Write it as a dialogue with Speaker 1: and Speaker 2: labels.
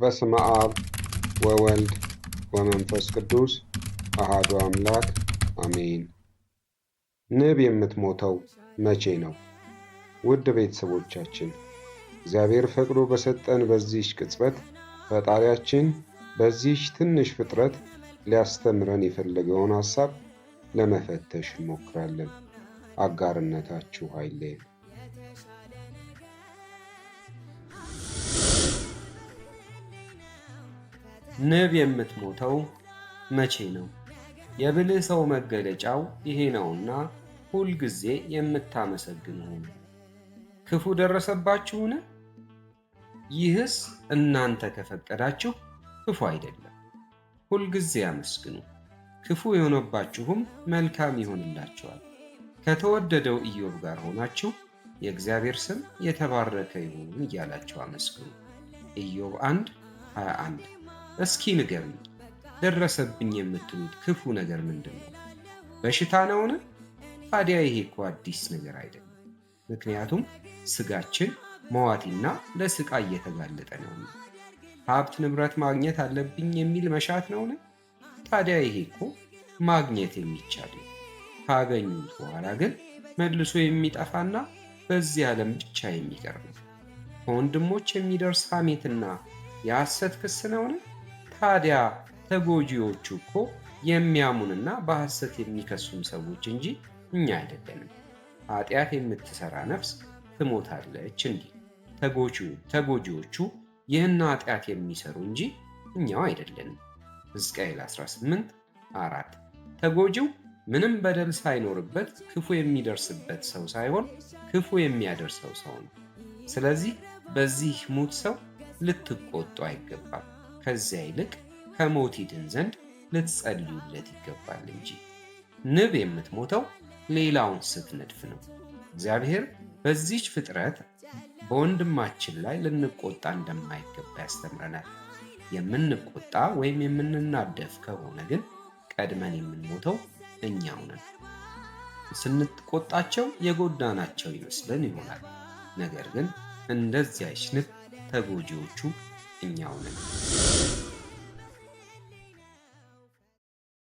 Speaker 1: በስመ አብ ወወልድ ወመንፈስ ቅዱስ አሃዱ አምላክ አሜን። ንብ የምትሞተው መቼ ነው? ውድ ቤተሰቦቻችን እግዚአብሔር ፈቅዶ በሰጠን በዚህች ቅጽበት ፈጣሪያችን በዚህች ትንሽ ፍጥረት ሊያስተምረን የፈለገውን ሐሳብ ለመፈተሽ እንሞክራለን። አጋርነታችሁ አይለየን። ንብ የምትሞተው መቼ ነው? የብልህ ሰው መገለጫው ይሄ ነውና ሁልጊዜ የምታመሰግን ሁኑ። ክፉ ደረሰባችሁን? ይህስ እናንተ ከፈቀዳችሁ ክፉ አይደለም። ሁልጊዜ አመስግኑ፣ ክፉ የሆነባችሁም መልካም ይሆንላችኋል። ከተወደደው ኢዮብ ጋር ሆናችሁ የእግዚአብሔር ስም የተባረከ ይሁን እያላችሁ አመስግኑ። ኢዮብ 1 21 እስኪ ንገሩኝ፣ ደረሰብኝ የምትሉት ክፉ ነገር ምንድን ነው? በሽታ ነውን? ታዲያ ይሄ እኮ አዲስ ነገር አይደለም። ምክንያቱም ስጋችን መዋቲና ለስቃይ እየተጋለጠ ነው ሀብት ንብረት ማግኘት አለብኝ የሚል መሻት ነውን? ታዲያ ይሄ እኮ ማግኘት የሚቻል ነው። ካገኙት በኋላ ግን መልሶ የሚጠፋና በዚህ ዓለም ብቻ የሚቀር ነው። ከወንድሞች የሚደርስ ሐሜትና የሐሰት ክስ ነውን? ታዲያ ተጎጂዎቹ እኮ የሚያሙንና በሐሰት የሚከሱን ሰዎች እንጂ እኛ አይደለንም። ኃጢአት የምትሰራ ነፍስ ትሞታለች እንዲል ተጎጂዎቹ ይህን ኃጢአት የሚሰሩ እንጂ እኛው አይደለንም። ሕዝቅኤል 18 አራት ተጎጂው ምንም በደል ሳይኖርበት ክፉ የሚደርስበት ሰው ሳይሆን ክፉ የሚያደርሰው ሰው ነው። ስለዚህ በዚህ ሙት ሰው ልትቆጡ አይገባም። ከዚያ ይልቅ ከሞት ይድን ዘንድ ልትጸልዩለት ይገባል እንጂ። ንብ የምትሞተው ሌላውን ስትነድፍ ነው። እግዚአብሔር በዚች ፍጥረት በወንድማችን ላይ ልንቆጣ እንደማይገባ ያስተምረናል። የምንቆጣ ወይም የምንናደፍ ከሆነ ግን ቀድመን የምንሞተው እኛው ነን። ስንቆጣቸው የጎዳናቸው ይመስለን ይሆናል። ነገር ግን እንደዚያች ንብ ተጎጂዎቹ jaunumi.